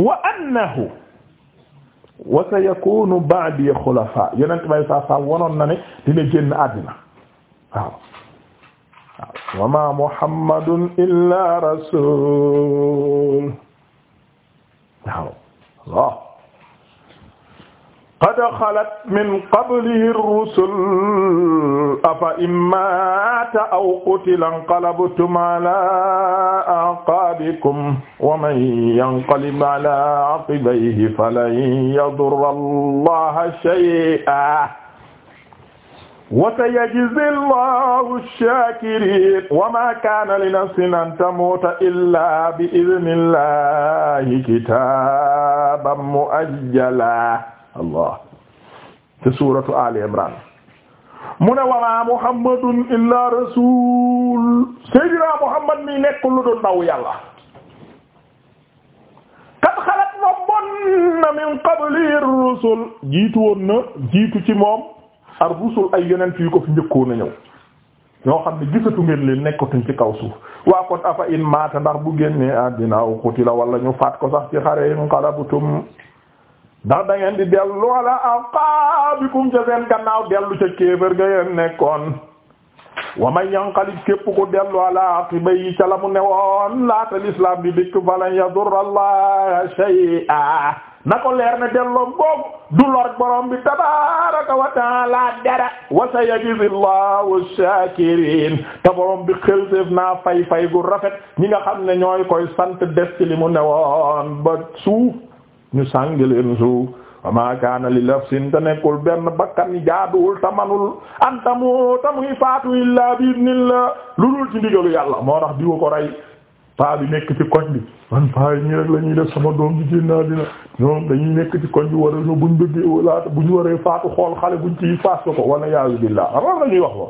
wa annahu wa sayakunu ba'di xulafa yonent bay saa saa wanoon na ne dina génn àddina waaw waaw wa ma muhammadun illa rasul waaw qad xalat min qablihi rusul afa in maata aw qutila inqalabtum ala aqaabikum wa man yanqalib ala aqibayhi falan yadurra allaha shay'an wa sayajzi allahu ash-shaakiriin wa ma kaana li nafsin an tamuuta illa bi idhnillahi kitaaban mu'ajjala allah te suuratu ali imran mu ne wama muhammadun illa rasul sayyidina muhammad mi nekk lu dul ndaw yàlla kat xalat moom na min qabli rusul jiitu woon na jiitu ci moom ar rusul ay yonent yu ko fi njëkkoon a ñëw ñoo xam ne gisatu ngeen leen nekkatuñ ci kaw suuf waa kon afa in maata ndax bu génnee àddina aw la wala ñu faat ko sax ci xare in qalabtum ndax ngeen di dellu wala aqaabikum ca seen gannaaw dellu ca kéefër ga yeen nekkoon wa man yanqalib képp ku dellu ala aqibayhi ca la mu newoon laata l'islam bi dikk falan yadurra allaha shay'a na ko leer ne delloom boobu du lor borom bi wa taala dara wa sayajzi llahu shakirin te borom naa fay fay gu rafet ñi nga xam ne ñooy koy sant des ci li mu newoon suuf ñu sàngi leen suuf wa ma kaana li nafsin nekkul benn bakkan jaaduwul tamanul antamu tamuy faatu illaa bi idnillah lu dul ci ndigalu yàlla moo tax diwa ko rey paa bi nekk ci koñ bi man paa yi ñii def sama doom bi génn naa dina ñoom dañuy nekk ci koñ bi war a buñ bëggee wala buñ waree faatu xool xale buñ ciy faas ko wala yaazu billah amoon la ñuy wax wa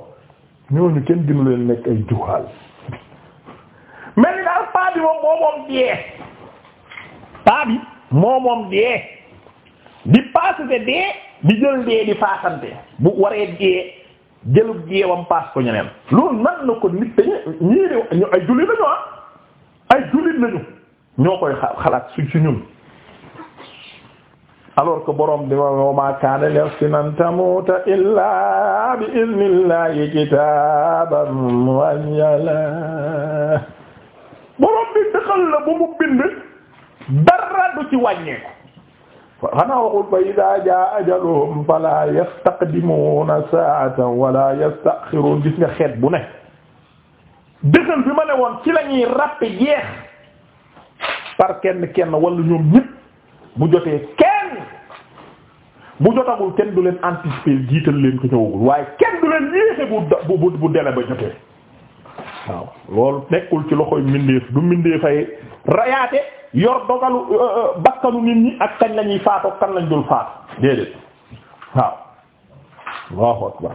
ñooñu kenn gënu leen nekk ay juhaal mel ni daal paa bi moom moo moom diyee paa bi moo moom dee di paasante dee di jël dee di paasante bu waree dee jëlub deewam paas ko ñeneen loolu nan na ko nit te ñii de ay jullit lañu ah ay jullit lañu ñoo koy xalaat su ci ñun alors que borom bi wa ma kaana nafsin an tamuuta illaa bi idnillahi kitaaban mu'ajjala borom bi dëxal la bu mu bind dara du ci wàññeeku xanaa waxul fa idaa jaa ajaluhum fala yastaqdimuuna saa'atan wala yasta'xiruun gis nga xeet bu ne dëggal bi ma ne woon ci la ñuy ràppe jeex par kenn kenn wala ñoom ñëpp bu jotee kenn bu jotagul kenn du leen anticiper jiital leen ko ñëwagul waaye kenn du leen yéexe bu bu bu dele ba jotee waaw loolu nekkul ci loxo mbindeef du mbindeefay rayaate yor dogalu euh, euh, bakkanu nit ñi ak kañ lañuy faatu kan lañ dul faatu déedéet waaw allahu akbar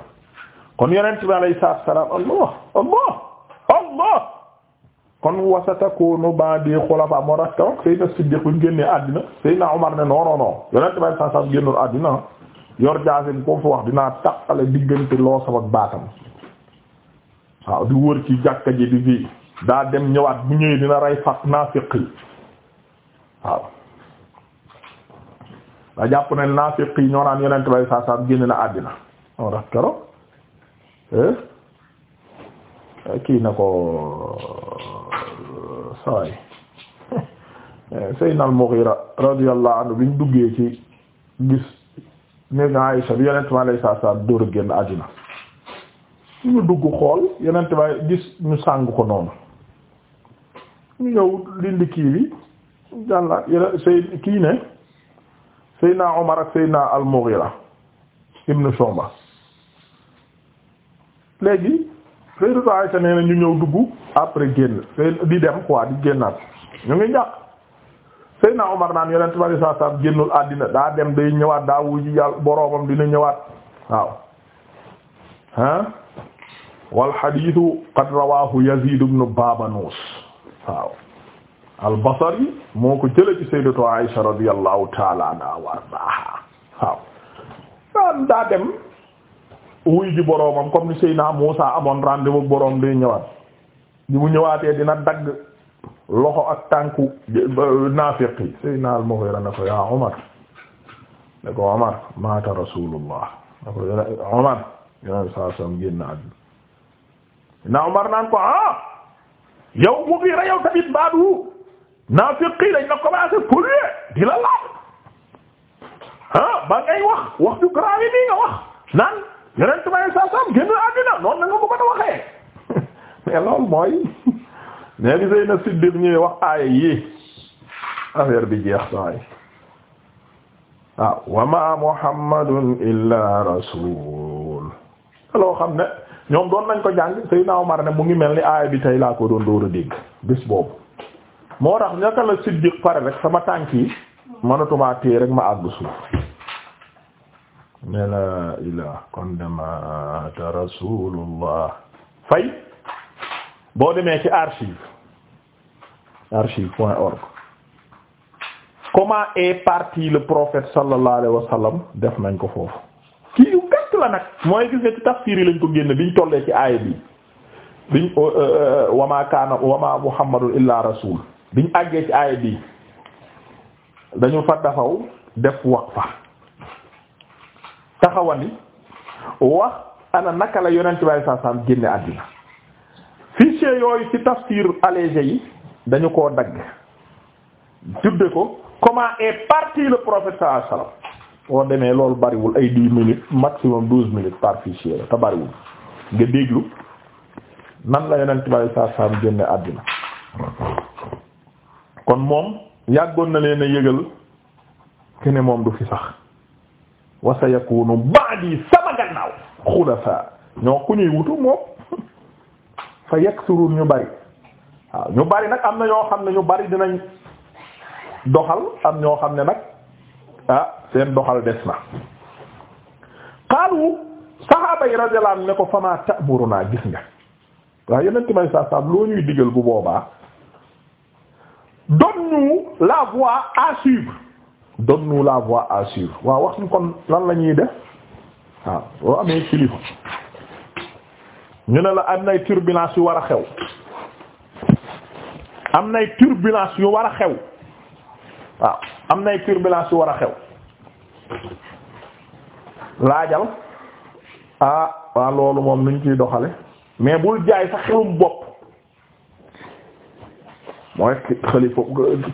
kon yonent bi alayhi salaatu wa salaam allah allah allah kon wasatakoonu ba'di xulafa moo tax keroog Seydina Siddiq bu ñu génnee àddina Seydina Omar ne non non bi alayhi salaatu wa salaam àddina yor jaasi ko fu wax dinaa taqale diggante loo sama baatam waaw di wër ci jàkka ji di fi daa dem ñëwaat bu ñëwee dina rey fat naafiq yi waaw da jàpp ne naafiq yi ñoo naan yonent bay saa saam génn na àddina moo tax kero eh, kii na ko eh, saway eh, Seydina al-Mughira radiyallahu anhu bi ñu duggee ci gis néeg Aisha bi yonent ma saa saam dóor a génn àddina ñu dugg xool yeneen baay gis ñu sàng ko noonu ñu ñëw dindi kii bi jàlla yeneen say kii ne Seydina Omar ak Seydina al-Mughira ibn Shu'ba léegi Sayyidatu Aisha nee na ñu ñëw dugg après génn di dem quoi di génnaat ñu ngi jàpp Seydina Omar naan yonent bi saa génnul àddina daa dem day ñëwaat daa wuyu yàlla boroomam dina ñëwaat waaw ah. wal xadiisu qad rawaahu Yaziid ibn Baabanuus waaw al-Basri moo ko jëlee ci sayyidatu Aisha radiyallahu ta'ala wa ardaaha waaw. daa dem wuy ji boroomam comme ni Seydina Muusaa amoon rendez-vous boroom day ñëwaat ni mu ñëwaatee dina dagg loxo ak tànku naafiq yi Seydina al ko yaa Umar ne ko Umar maata Rasuulullah Umar yeneen saa sam génn àdduna na Umar naan ko ah yow Mughira yow tamit baadu naafiq yi dañ la commencé polluer di la ah, wax wax ju grave wax naan yeneen tubaab yi saa saa génn àddina noonu la nga ko waxee mais loolu mooy nee di Seydina Siddiq ñuy wax aaya yi affaire bi jeex saay waaw ah, wa ma Muhammadun illa rasul loo ne. ñoom doon nañ ko jàng Seydina Omar ne mu ngi mel ni aaya bi tey laa ko doon door a dégg bis boobu moo tax ñaka la siddiq pare rek sama tànki yi manatumaa rek ma àgg suuf ne la ilah kon demaata rasulullah fay boo demee ci archive archive point org comment est parti le prophète sallallahu alayhi def nañ ko foofu la nag mooy gis nga ci tafsir yi lañ ko génn biñ tollee ci aaya bi biñ euh, euh, euh, wama kaana wama muhammadun illa rasul biñ àggee ci aaya bi dañu fa dafaw def waqfa taxawani wax ana naka la yonent bi sallallahu génne àddina fichier yooyu ci tafsir allégé yi dañu ko dagg tudde ko comment est parti le prophète sallallahu boo demee loolu bariwul ay dix minutes maximum douze minutes par fichier la te bariwul nga déglu nan la yonent bi saa saam génne àddina kon moom yàggoon na leen a yëgal ke moom du fi sax wa sayakunu ba'di sama gannaaw xulafa ñoo ku ñuy wutu moom fa yaksurun ñu bari waaw ñu bari nag am na ñoo xam ne ñu bari dinañ doxal am ñoo xam ne nag ah seen doxal des na xaalu saxaaba yi radiyallahu ne ko famaa ta'muruna gis nga waaw yeneen may saa saab loo ñuy digal bu boobaa donne-nous la voie à suivre donne la voie à suivre waaw wax ñu kon lan la ñuy def waaw boo amee kilifa ñu ne la am nay turbulence yu war a xew am nay turbulence yu war a xew waaw am nay turbulence yu war a xew laajal ah waa loolu moom nuñ ciy doxale mais bul jaay sa xewum bopp mooy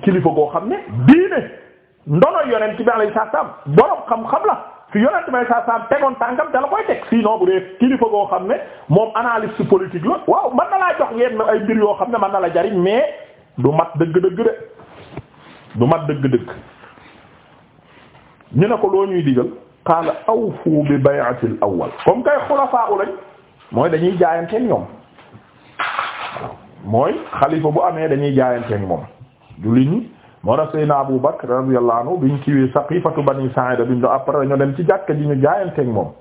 kilifa goo xam ne diine ndono yonent bi alayhi salaam borom xam-xam la fi yonent bi alayhi salaam tegoon tànkam da la koy teg sinon bu dee kilifa goo xam ne moom analyste politique la waaw mën na laa jox yenn ay mbir yoo xam ne man na la jariñ mais du mat dëgg-dëgg de du mat dëgg-dëgg ñu ne ko loo ñuy digal qaala awfu bi bay'ati al awwal comme kay xulafaa u lañ mooy dañuy jaayanteen ñoom mooy xalifa bu amee dañuy jaayanteen moom jullit ñi moo tax Seydina Abu Bakr radiyallahu anhu biñ kiiwee saqifatu bani Sa'ida biñ do après ñu dem ci jàkka ji ñu jaayanteeg moom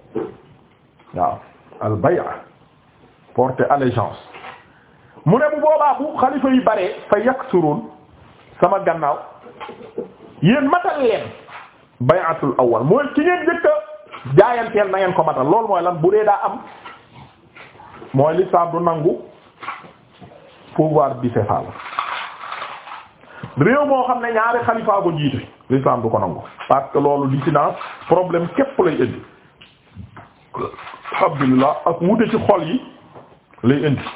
waaw al bay'a porter allégeance mu ne bu boobaa bu xalifa yi bare fa yaksurun sama gannaaw yéen matal leen bay'atul awwal mooy ki ngeen jëkka jaayanteel na ngeen ko matal loolu mooy lan bu dee daa am mooy l'islam du nangu pouvoir bicéphale réew moo xam ne ñaari xalifaa ko jiite l'islam du ko nangu parce que loolu dissidence problème képp lay indi alhamdulillah ak wute ci xol yi lay indi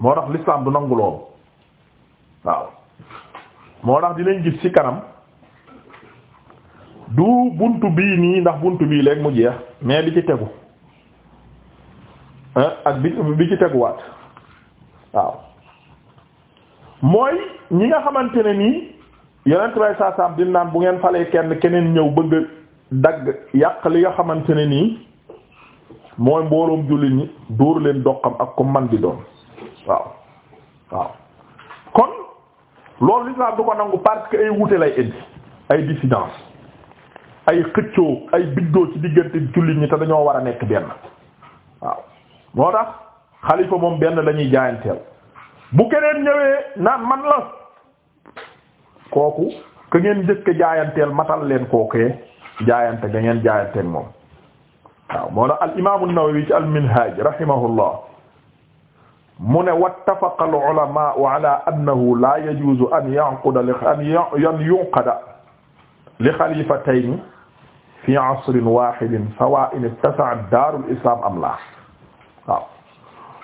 moo tax l'islam du nangu loolu waaw moo tax dinañ gis ci kanam du bunt bii nii ndax buntu bii léegi mu jeex mais bi ci tegu ak bi bi ci teguwaat waaw mooy ñi nga xamante ne nii yonent bay saasaam di naan bu ngeen falee kenn keneen ñëw bëgg dagg yàq li nga xamante ne nii mooy mbooloom jullit ñi dóor leen doqam ak ko man di doon waaw waaw kon loolu l'islam du ko nangu parce que ay wuute lay indi ay dissidence ay xëccoo ay biddoo ci diggante jullit ñi te dañoo war a nekk benn waaw moo tax xalifa moom benn lañuy jaayanteel bu keneen ñëwee naan man la kooku ka ngeen jëkk jaayanteel matal leen kookee jaayante ga ngeen jaayanteen moom waaw moo tax al imaamu Nawawi ci al minhaj rahimahullah mu ne wattafaqa al ulama ala annahu la yajuzu an yanquda li an yunqada li xalifatayn fi asrin wahidin sawa'in ittasa'a daarul islam am la waaw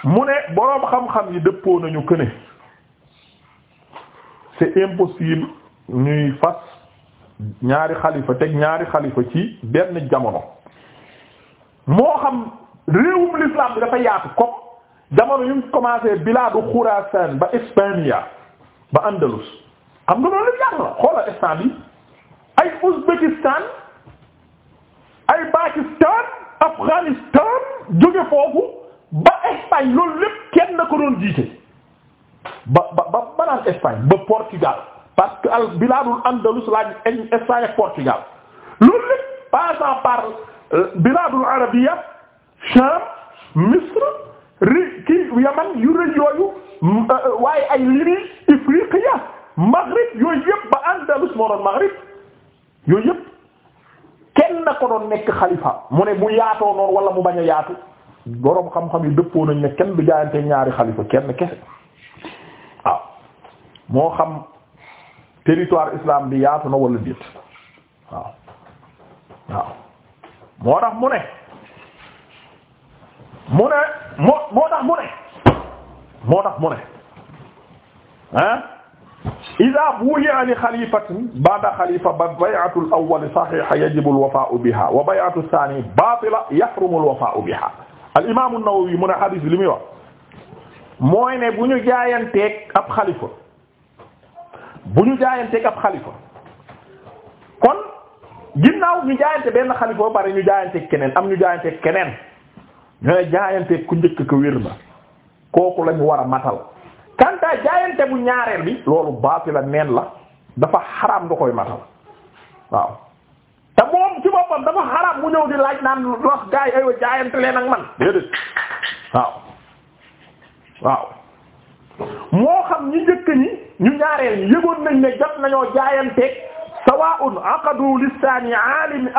mu ne boroom xam-xam yi dëppoo nañu que ne impossible ñuy fas ñaari xalifa teg ñaari xalifa ci benn jamono moo xam réewum l'islam bi dafa yaatu ko jamono yu mu commencé bilaadu Xuraasaan ba Ispaniya ba Andalus xam nga loolu ka la xoolal instant bi ay Ouzbékistan ay Pakistan Afghanistan jóge foofu ba Espagne loolu lépp kenn na ko doon jiite ba ba ba banaan Espagne ba Portugal parce que al bilaadul Andalus en Espagne ak Portugal loolu lépp passant par euh, bilaadul arabiyya Sham Misr ri ki yaman yu rëy yooyu euh, euh, waaye ay limi ifriqiya maghrib yooyu yëpp ba andalus moo doon maghrib yooyu yëpp kenn ko doon nekk xalifa mu ne bu yaatoo noonu wala mu bañ a yaatu boroom xam-xam yi dëppoo nañ ne kenn du jaayante ñaari xalifa kenn ke waaw moo xam territoire islam bi yaatu na wala déet waaw waaw moo tax mu ne mu ne moo moo tax mu ne moo tax mu ne ah ida buyi'a li xalifatin ba'da xalifa ba bay'atu al-awwal sahiha yajibu al-wafa'u biha wa bay'atu ath-thani batila yahrumu al-wafa'u biha al-imam an-nawawi mu ne hadith li muy wax mooy ne bu ñu jaayanteeg ab xalifa bu ñu jaayanteeg ab xalifa kon ginnaaw ñu jaayante benn xalifa ba pare ñu jaayanteeg keneen am ñu jaayanteeg keneen ñooy jaayante ku njëkk ko wér na kooku lañu war a matal kantaa jaayante bu ñaareel bi loolu baati la neen la dafa xaraam nga koy matal waaw te moom ci boppam dafa xaraam mu ñëw di laaj naan wax gaay aywa jaayante leen ak man déedéet waaw waaw moo xam ñi njëkk ñi ñu ñaareel ñi yëgoon nañ ne jot nañoo jaayanteeg sawaa'un aqadu lisaani aalimi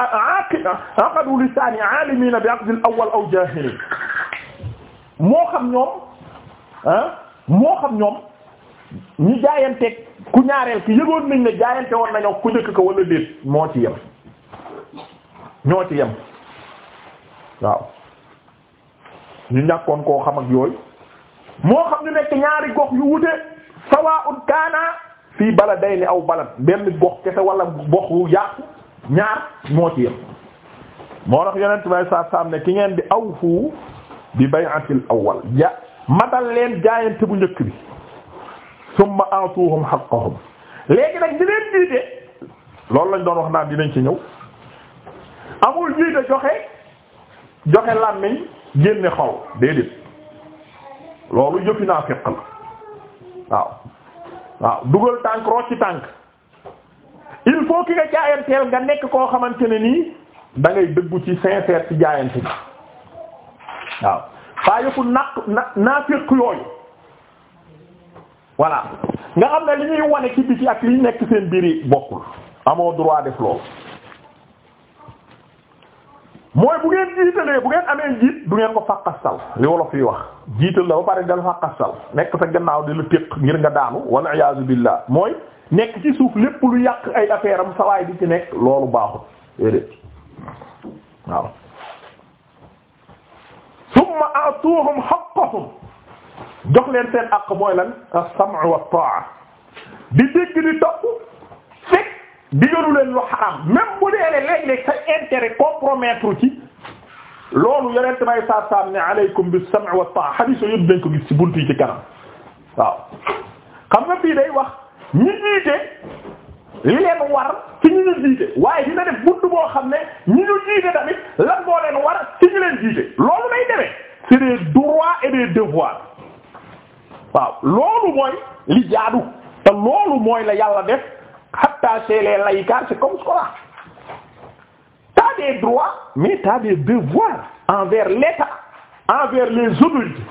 aqadu lisaani aalimiina bi aqdi al-awwal aw jaahiliin moo xam ñoom ah moo xam ñoom ñi jaayanteeg ku ñaareel ki yëgoon nañ ne jaayante woon nañoo ku njëkk ko walla déet moo ci yem ñoo ci yem waaw ñu ñàkkoon koo xam ak moo xam ñu nekk ñaari gox yu wute sawaa'un kaana fii bala day ni aw balat benn gox kese wala gox wu yàqu ñaar moo ci yem moo tax yonent bay saa saam ne ki ngeen di aw fu bi bay'atil awwal ja matal leen jaayante bu njëkk bi summa atuhum haqqahum léegi nag di leen jiite loolu lañ doon wax di dinañ ci ñëw amul jiite joxe joxe làmmiñ génne xaw déedéet loolu jëfi naa la waaw waaw dugal tànk rocci tànk il faut ki nga jaayanteel nga nekk koo xamante ne nii da ngay dëggu ci sincère ci jaayante bi waaw faa yëfu naq na naafiq yooyu voilà nga xam ne li ñuy wane ci biti ak liy nekk seen biir yi bokkul amoo droit def loolu mooy bu ngeen jiitalee bu ngeen amee jiit du ngeen ko fàqastal li wolof yi wax jiital la ba pare dal fàqastal nekk sa gannaaw di la téq ngir nga daanu walla iyaazu billaah mooy nekk ci suuf lépp lu yàq ay affaire am sawaay di ci nekk loolu baaxut déedéet waaw summa atuhum haqqahum jox leen seen àq mooy lan as-sam'u wat-ta'a di dégg di topp fekk bi digalu leen lu xaram même bu dee ne léeg-léeg sa intérêt compromettre ci loolu yonent may saa saam ne aleykum sam' wa ta'a hadith yëpp dañ ko gis ci buntu yi ci kanam waaw xam nga fii day wax ñi jiite li leen war ci ñu ñu jiite waaye dina def buntu boo xam ne ñi ñu jiite tamit lan moo leen war ci ñu leen jiite loolu lay demee c'est des droits et des devoirs waaw loolu mooy li jaadu te loolu mooy la yàlla def hatta chez les laïcars c'est comme cela t'as des droits mais t'as des devoirs envers l'État envers les adultes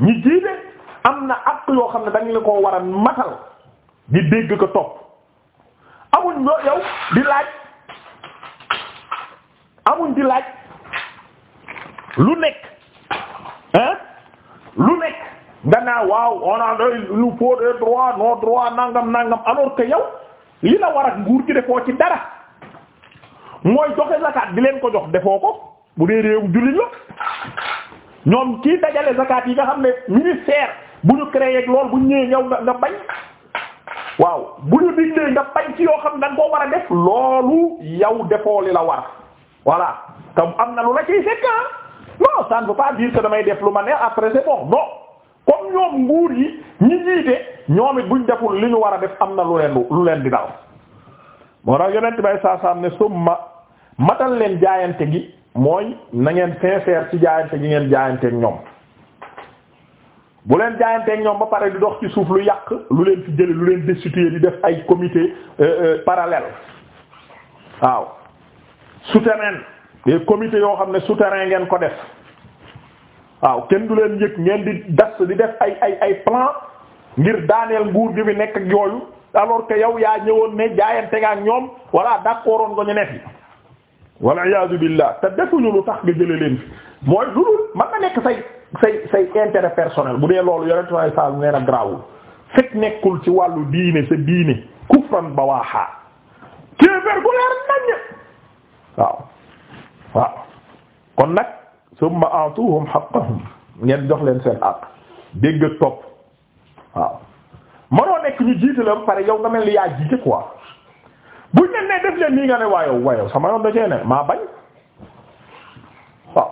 ñi jiite am na ak yoo xam ne dañ la koo war a matal di dégg ko topp amuñ ñoo yow di laaj amuñ di laaj lu nekk hein lu nekk nga naa waaw on a il nous faut des droits nos droits nangam nangam alors que yow li la war ak nguur gi defoo ci dara mooy joxe zakat bi leen ko jox defoo ko bu dee réew jullit la ñoom kii dajale zakat yi nga xam ne ministère bu ñu créé ak lool bu ñëwee ñëw nga nga bañ waaw bu ñu diglee nga bañ ci yoo xam da nga koo war a def loolu yow defoo li la war voilà tam am na lu la ciy fekk ah non ça ne veut pas dire damay def lu ma neex après c'est bon non. comme ñoom nguur yi ñi jiite ñoom it buñ deful li ñu war a def am na lu leen lu leen di dal moo tax yonent bay saasaam ne summa matal leen jaayante gi mooy na ngeen sincère ci jaayante gi ngeen jaayanteeg ñoom bu leen jaayanteeg ñoom ba pare di dox ci suuf lu yàq lu leen fi jële lu leen destituer di def ay comité euh, euh, parallèle waaw souterrain des comités yoo xam ne souterrain ngeen ko def waaw kenn du leen yëg ngeen di das di def ay ay ay plan ngir daaneel nguur gi bi nekk ak yooyu alors que yow yaa ñëwoon ne jaayante nga ak ñoom walla d'accord woon ko ñu ne fi walla iyaazu billah te defuñu lu tax nga jële leen fi mooy lu dul mën nekk say say say personnel bu dee loolu yore tuuti saa nee na garaawul fekk nekkul ci wàllu diine sa diine kufran ba waa xaar. kéefër gu leer naññ waaw waaw kon nag. summa a'tuhum haqqahum ngeen jox leen seen àq dégg ak waaw mënoo nekk ñu jiite la pare yow nga mel yaa jiite quoi buñ leen ne def leen nii nga ne waayow waayow sama yoon da cee maa bañ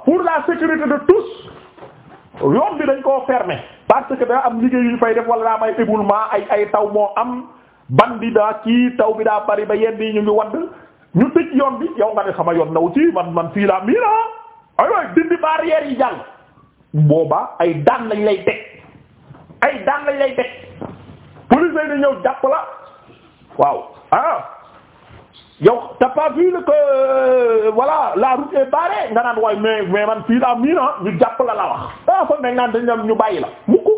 pour la sécurité de tous yoon bi dañ koo fermer parce que daa am liggéey yu fay def wala daa may éboulement ay ay taw moo am bandi daa kii taw bi daa bari ba yenn yi ñu ngi wadd ñu tëj yoon bi yow nga ne sama yoon naw ci man man fii laa miina ah. aywa dindi barrière yi jàll boobaa ay daan lañ lay teg ay daan lañ lay teg police lay na ñëw jàpp la waaw ah yow t'as pas walla que euh, voilà la route est nga naan waaye mais mais man fii daa miin ah, ñu jàpp la la wax ah foog nañ naan dañ ñu bàyyi la mukk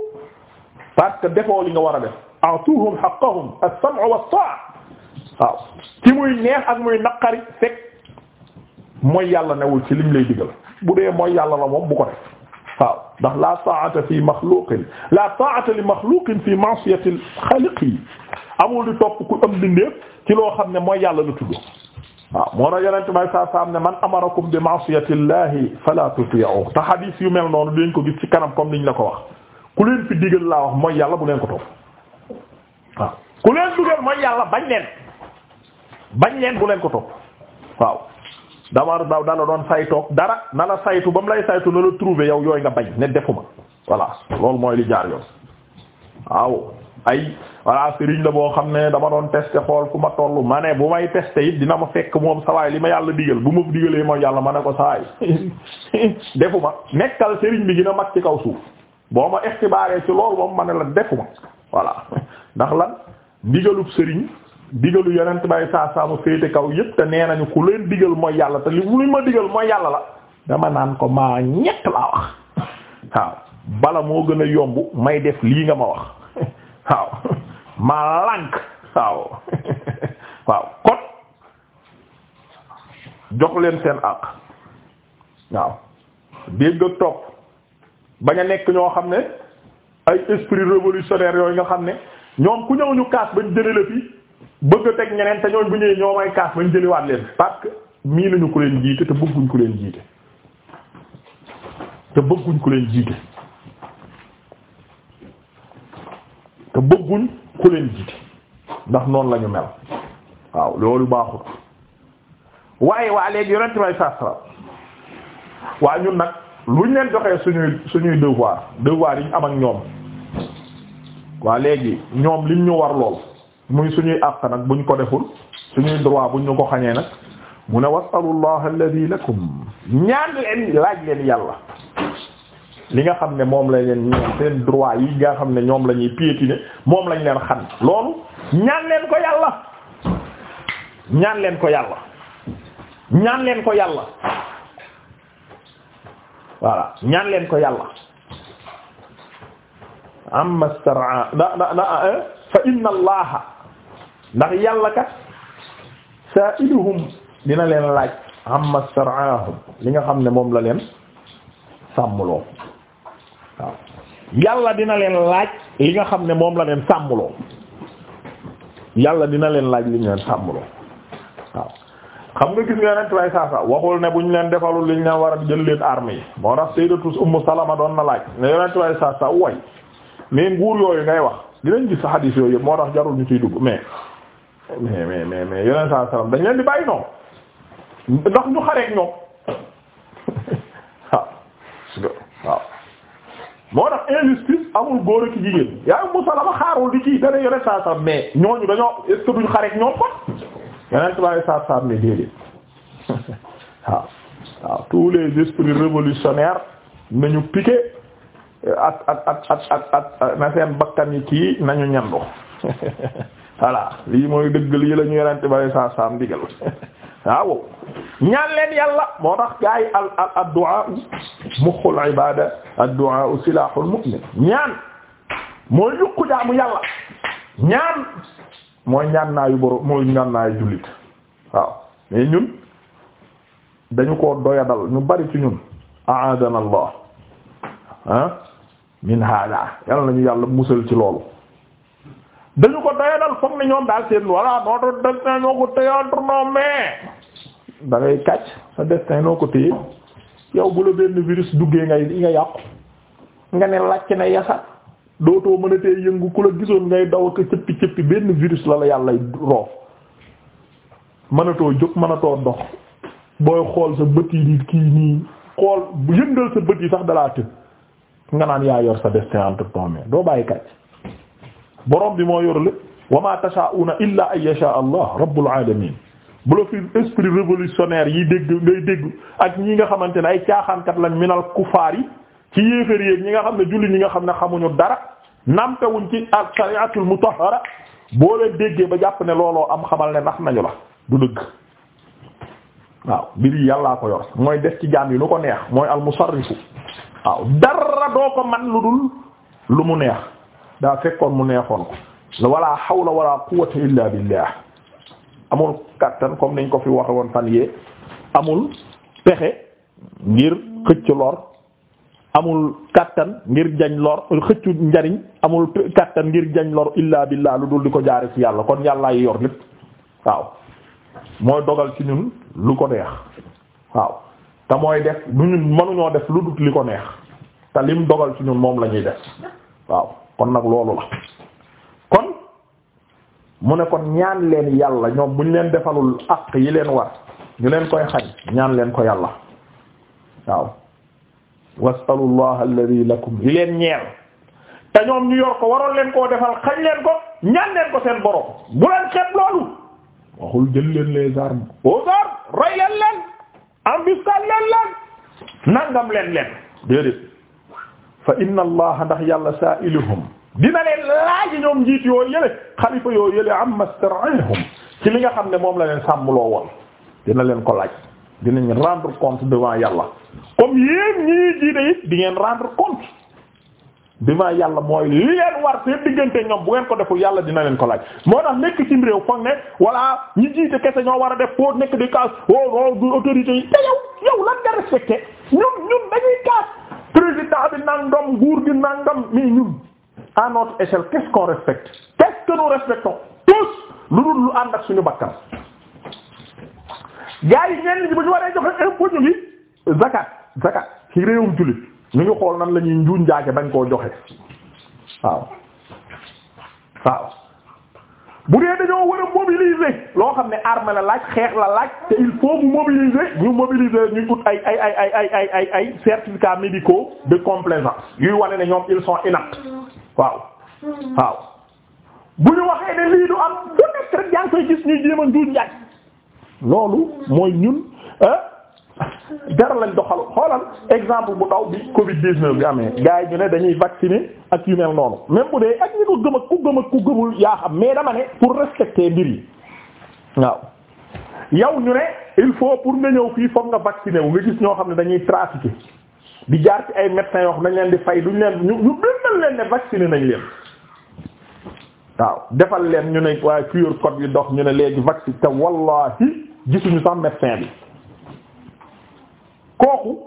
parce que defoo li nga war a def atuhum haqqahum as-sam'u was-ta'a waaw ci muy neex ak muy naqari fekk mooy yàlla newul ci lim lay digal bu dee mooy yàlla la moom bu ko def waaw ndax la ta'ata fi makhluqin la ta'ata li makhluqin fi ma'siyati al-khaliq yi amul di topp ku am dindeef ci loo xam ne mooy yàlla la tudd waaw moo tax yeneen am ne man amarakum bi ma'siyati llahi fala tuti'u te hadis yu mel noonu dinañ ko gis ci kanam comme ñu la ko wax ku leen fi digal laa wax mooy yàlla bu leen ko topp waaw ku leen dugal mooy yàlla bañ leen bañ leen bu leen ko topp waaw dama daw dala doon saytoog dara na la saytu ba mu lay saytu na la trouver yow yooyu nga bañ ne defuma voilà loolu mooy li jaar yoon waaw ay voilà sëriñ la boo xam ne dama doon tester xool fu ma toll ma ne bu may tester it dina ma fekk moom sawaay li ma yàlla digal bu ma digalee mooy yàlla ma ne ko sawaay defuma nekkal sëriñ bi gën a mag ci kaw suuf boo ma ixtibaaree ci loolu moom ma ne la defuma voilà ndax lan digalub sëriñ digalu yonent bay saa saa mu féete kaw yépp te nee nañu ku leen digal mooy yàlla te li muy ma digal mooy yàlla la dama naan ko maa ñett laa wax waaw bala moo gën a yomb may def lii nga ma wax waaw maa lànk waaw waaw jox leen seen àq waaw dégg ak topp bañ a nekk ñoo xam ne ay esprit révolutionnaire yooyu nga xam ne ñoom ku ñëw ñu kaas bañ jëlee la fi bëgg a teg ñeneen te ñooñ bu ñuy ñoo may kaas bañ jëliwaat leen parce que mii nañu ko leen jiite te bëgguñ ko leen jiite te bëgguñ ko leen jiite bëgguñ ku leen ndax noonu lañu mel waaw loolu baaxul waaye waa léegi yonent may sasra waa ñun nag luñ leen joxee suñuy suñuy devoir devoir yi am ak ñoom waa léegi ñoom li ñu war lool muy suñuy àq nag buñ ko deful suñuy droit buñ ñu ko xañee nag mu ne wasalullah alladi lakum ñaan leen laaj leen yàlla li nga xam ne moom lay leen ñoom seen droit yi nga xam ne ñoom la ñuy piétiner moom lañ leen xan loolu ñaan leen ko yàlla ñaan leen ko yàlla ñaan leen ko yàlla voilà ñaan leen ko yàlla na na na eh? fa inna allaha ndax yàlla kat sa'iluhum dina leen laaj amma sar'ahum li nga xam ne moom la leen sàmmloo waaw yàlla dina leen laaj li nga xam ne moom la leen sàmmloo yàlla dina leen laaj li ñu leen sàmmloo waaw xam nga gis nga yonent way saasa waxul ne bu ñu leen defalul li ñu leen war a jël leen armes yi moo tax sayyidatu Ummu Salama doon na laaj ne yonent sa saasa way mais nguur yooyu ngay wax dinañ gis sa xadiis yooyu yëpp moo tax jarul ñu ciy dugg mais mais mais mais mais yeneen saa salaam dañ leen di bàyyi noonu ndax ñu xareek ñoom waaw moo tax injustice amul góor ak jigéen yaa ngi musalama xaarul di kii dana yeneen saa salaam mais ñooñu dañoo est-ce que duñ xareek ñoom ko yeneen tubaab yi saa salaam ne déedéet waaw waaw tous les esprits révolutionnaires nañu piqué ak ak ak na seen bakkan yi kii nañu ñandu voilà lii mooy dëgg lii la ñu yorante bare saa saam digal waaw ñaan leen yàlla moo tax gaa yi al al addu'a muxul ibada addu'a silahul mu'min ñaan mooy yukku jaamu yàlla ñaan mooy ñaan naayu boro mooy ñaan naayu jullit waaw mais ñun dañu ko doyadal ñu bari ci ñun a'adana allah ah, min hada yàlla nañu yàlla musal ci loolu dañu ko doyadal foog ne ñoom daal seen voilà notre destin ñoo ko téye entre nos mains da ngay kàcc sa destin noo ko téye yow bu la benn virus duggee ngay nga yàqu nga ne làcc na yasa dootoo mën yëngu ku la gisoon ngay daw ko cëppi cëppi benn virus la la yàlla roof mënatoo jóg mënatoo dox booy xool sa bët yi di kii nii xool yëngal sa bët yi sax dalaa tëb nga naan yaa yor sa destin entre nos doo bàyyi kàcc borom bi moo yor lépp wa ma tashaauna illa an yasha allah rabbul alamin bu la fi esprit révolutionnaire yi dégg ngay dégg ak ñi nga xamante ne ay caaxaankat lañ minal kufaar yi ci yéefar yi ñi nga xam ne julli ñi nga xam ne xamuñu dara namtewuñ ci al shari'atul mutahhara boo leen déggee ba jàpp ne looloo am xamal ne nax nañu la du dëgg waaw mbir yi yàllaa ko yor mooy def ci jaam yi lu ko neex mooy al musarrifu waaw dara doo ko man lu dul lu mu neex daa fekkoon mu neexoon ko wala hawla wala quwwata illa billah amul kattan comme niñ ko fi waxe woon fan yee amul pexe ngir xëcc lor amul kattan ngir jañ lor njariñ amul kattan ngir jañ lor illa billah lu dul di ko jaare ci yàlla kon yàllaay yor lépp waaw mooy dogal ci ñun lu ko neex waaw te mooy def lu ñun mënuñoo def lu dut li ko neex te lim dogal ci ñun moom lañuy ñuy def waaw kon nag loolu la kon mu ne kon ñaan leen yàlla ñoom buñ leen defalul àq yi leen war ñu leen koy xañ ñaan leen ko yàlla waaw wasalullah alladhi lakum li leen ñeel te ñoom ñu yor waroon leen koo defal xañ leen ko ñaan leen ko seen boro bu leen xeeb loolu waxul jël leen les armes aux armes rey leen leen embuscade leen leen nangam leen leen fa inna allaha ndax yàlla sa'iluhum dina leen laaj ñoom njiit yoo yële xalifa yoo yële amma star'ahum ci li nga xam ne moom la leen sàmmloo woon dina leen ko laaj dinañ rendre compte devant yàlla comme yéen ñii jiite it di ngeen rendre compte ma yàlla mooy li leen war seen diggante ñoom bu ngeen ko deful yàlla dina leen ko laaj moo tax nekk cim réew foog ne walla ñi jiite kese ñoo war a def foo nekk di kaas o oh, o oh, du autorité yi te président bi nangam nguur gi nangam mais ñun à notre échelle qu'est-ce qu'on respecte qu'est-ce que nous respectons tous lu dul lu ànd ak suñu bakkan gars yi ñenn ñi bu ñu waree joxe impôt ñu ngi zakat zakat ci réewum jullit ñu ngi xool nan la ñuy njuuñ jaage bañ koo joxe waaw waaw bu dee dañoo war mobiliser loo xam ne arme la laaj xeex la laaj te il faut mu mobiliser ñu mobiliser ñu ut ay ay ay ay ay ay ay ay certificats médicaux de complaisance yuy wane ne ñoom ils sont inaptes waaw waaw bu ñu waxee ne lii du am bu nekk rek yaa ngi koy gis ñuy jéem a njuuj njaaj loolu mooy ñun dara lañ doxal xoolal exemple bu ndaw bi Covid 19 bi amee gars yi ñu ne dañuy vacciner ak yu mel noonu même bu dee ak ñi ko gëm ku gëm ku gëmul yaa xam mais dama ne pour respecter mbir yi waaw. yow ñu ne il faut pour nga ñëw fii foog nga vacciner wu nga gis ñoo xam ne dañuy trafiquer di jaar ci ay médecins yoo xam nañ leen di fay duñ leen ñu ñu bindal leen ne vacciner nañ leen. waaw defal leen ñu ne waa QR code yi ndox ñu ne léegi vacciner te wallahi gisuñu sax médecin bi. kooku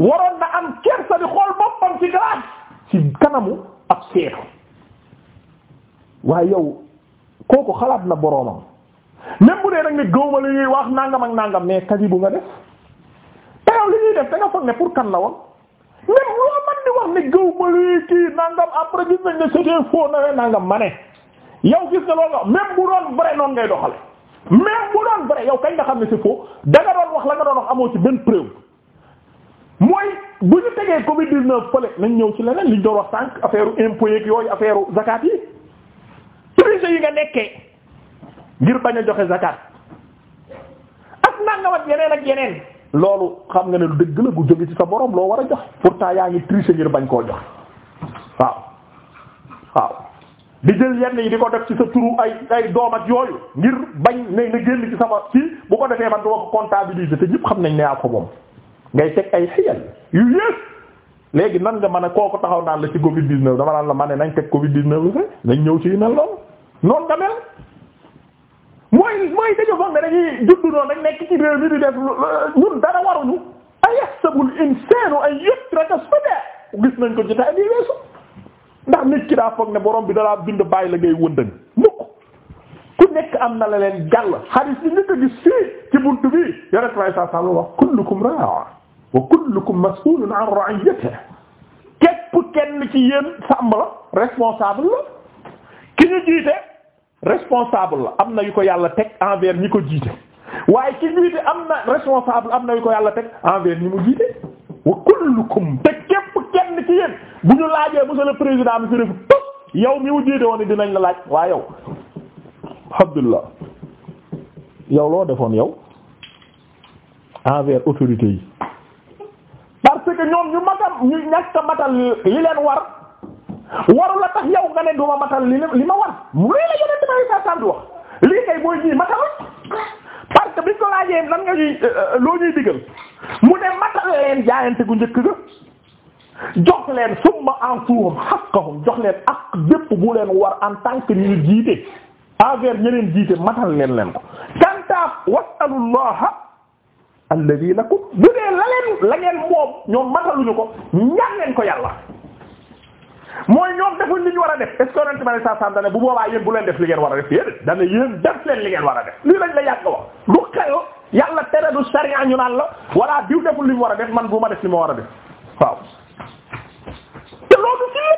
waroon na am kersa di xool boppam ci glace ci kanamu ab seetu waaye yow kooku xalaat na boroomam même bu dee nag ne gëwma li ñuy wax nangam ak nangam mais kasi bu nga def te yow li ñuy def da nga foog ne pour kan la woon même loo man di wax ne gëwma li kii nangam après gis nañ ne c'était faux nawe ma ne yow gis nga loolu nga même bu doon vrai noonu ngay doxale même bu doon vrai yow kañ nga xam ne si faux da doon wax la nga doon wax amoo ci benn preuve mooy bu ñu tegee Covid 19 fële nañ ñëw ci leneen liñ doon wax sànq affaire impôt yooyu affaire zakat yi prison yi nga nekkee ngir bañ a joxe zakat ak nangamat yeneen ak yeneen loolu xam nga ne lu dëgg la bu jóge ci sa borom loo war a joxe pourtant yaa ngi tricher ngir bañ koo joxe waaw waaw. di jël yenn yi di ko def ci sa turu ay ay doom ak yooyu ngir bañ ne na génn ci sama ci bu ko defee man duma ko comptabiliser te ñëpp xam nañ ne yaa ko moom ngay teg ay xiyal yu yées léegi nan nga mën a kooku taxaw naan la ci Covid 19 dama naan la man ne nañ teg Covid 19 bi nañ ñëw ci yu mel noonu noonu nga mel mooy mooy dañu foog ne dañuy juddu noonu dañ nekk ci réew mi di def ñun dara waruñu. ayahsabul insaanu an yutraka suda gis nañ ko ci tay bi weesu. ndax nit ki daa foog ne borom bi dalaa bind bàyyi la ngay wëndën mukk ku nekk am na la leen jàll hadis bi njëkk a gis fii ci buntu bi yonent bi saa saa wax kullukum raa wa kullukum mas'ulun an ra'iyatihi képp kenn ci yéen sàmm la responsable la ki ñu jiite responsable la am na yu ko yàlla teg envers ñi ko jiite waaye ki jiite am na responsable am na yu ko yàlla teg envers ñi mu jiite wa kullukum teg kenn ci yéen bu ñu laajee monsieur le président monsieur le yow mi wu jiite woon dinañ la laaj waa yow Abdullah yow loo defoon yow envers autorité yi parce que ñoom ñu matam ñu ñàkk a matal li leen war waru tax yow nga ne duma matal li li ma war mu lii la yonent may sa sant wax lii kay booy ñii matal parce que biñ ko laajee lan nga ñuy euh, euh, loo ñuy digal mu ne matal leen jaayante gu njëkk ga jox leen summa antuhum haqqahum jox leen ak bépp bu leen war en tant que jiite envers ña leen jiite matal leen leen ko kantaaf wasalullaha alladhi lakum bu dee la leen la ngeen moom ñoom mataluñu ko ñaan leen ko yàlla mooy ñoom defuñ li ñu war a def est-ce que yonente bi alei sat u dane bu boobaa yéen bu leen def li ngeen war a def yéen dane yéen def leen li ngeen war a def lii lañ la yàgg wax du xel yàlla tere du sariya ñu naan la walla diw deful li mu war a def man bu ma def li ma war a def waaw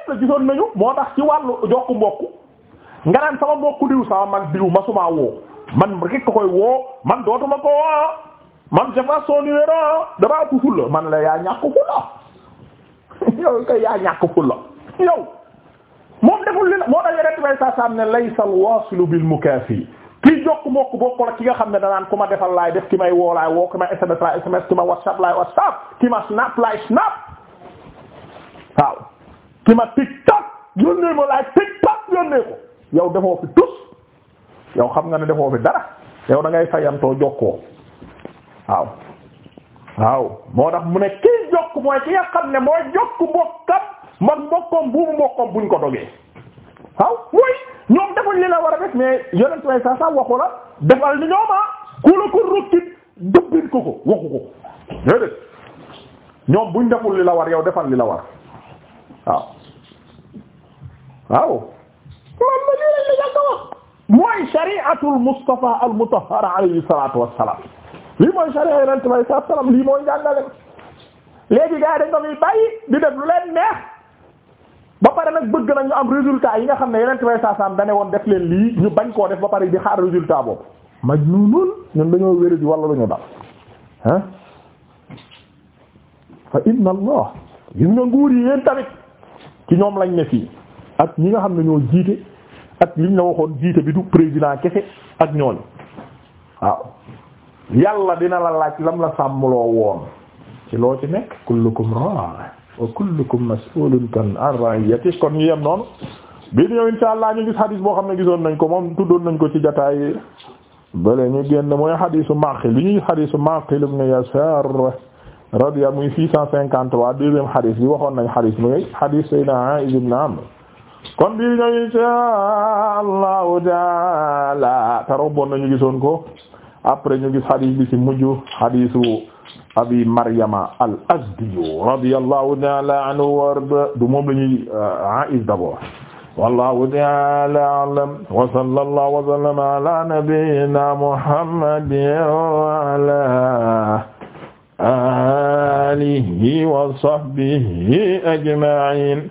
la gisoon nañu moo tax ci wàllu jokk mbokk sama mbokku diw sama man diw masuma woo man rek ko woo man dootuma ko woo man j'efface son numéro damaa ko fulla man la yaa ñàkk fulla yow kay yaa ñàkk fulla yow moom deful li la moo tax yonent xam ne danaan ku ma defal laay def ki may woo laay woo ki ma SMS laay SMS ki ma WhatsApp laay WhatsApp ki ma Snap laay Snap waaw ki ma tiktak yónnee ma laaj tiktak yónnee ko yow defoo fi tus yow xam nga ne defoo fi dara yow da ngay fayantoo jokkoo waaw waaw moo tax mu ne kii jokk mooy ki nga xam ne mooy jokk mbokkam mag mbokkoom buubu mbokkoom buñ ko dogee waaw mooy ñoom defuñ li la def mais yonent way sa sa waxu la defal ni ñooma ah, ku la ko rukkit dëbbin ko ko waxu ko ñoom buñ deful li la war yow defal li la waaw waaw man ma lii lañ la jàgka mooy shari'atul Mustafa al mutahhara alayhi salatu wassalam lii mooy sharia yonent bi alayhi salatu lii mooy njàngale léegi gars yi dañ ko fi bàyyi di def lu leen neex ba pare nag bëgg na ñu am résultat yi nga xam ne yonent bi alayhi salatu wassalam dane woon def leen lii ñu bañ koo def ba pare di xaar résultat boobu majnuunun ñun dañoo wéru di wala lu ñu dal ah fa inna allah gis nga nguur yi yéen tamit ci ñoom lañ ne fii ak ñi nga xam ne ñoo jiite ak liñ la waxoon jiite bi du président kese ak ñooñu waaw yàlla dina la laaj lam la sàmmloo woon ci loo ci nekk kullukum ra wa kullukum mas'ulun kan an kon ñu yem noonu bi di ñëw insha allah ñu gis xadiis boo xam ne gisoon nañ ko moom tuddoon nañ ko ci jataay bale ñu génn mooy xadiisu Maqil li ñuy xadiisu Maqil ibn Yasar radiya muy six cent cinquante-trois deuxième xadiis bi waxoon nañ xadiis muy xadiis Sayyidina A'iz ibn kon bi ñëw insha allahu taala tarobon nañu gisoon ko après ñu gis hadith bi ci mujj hadithu abi maryama al azdiyu radiyallahu taala anhu warda du moom la ñuy euh, aiz d'abord wallahu taala a'lam wa sallallahu wa sallama ala nabiyyina muhammadin wa ala alihi wa sahbihi ajma'in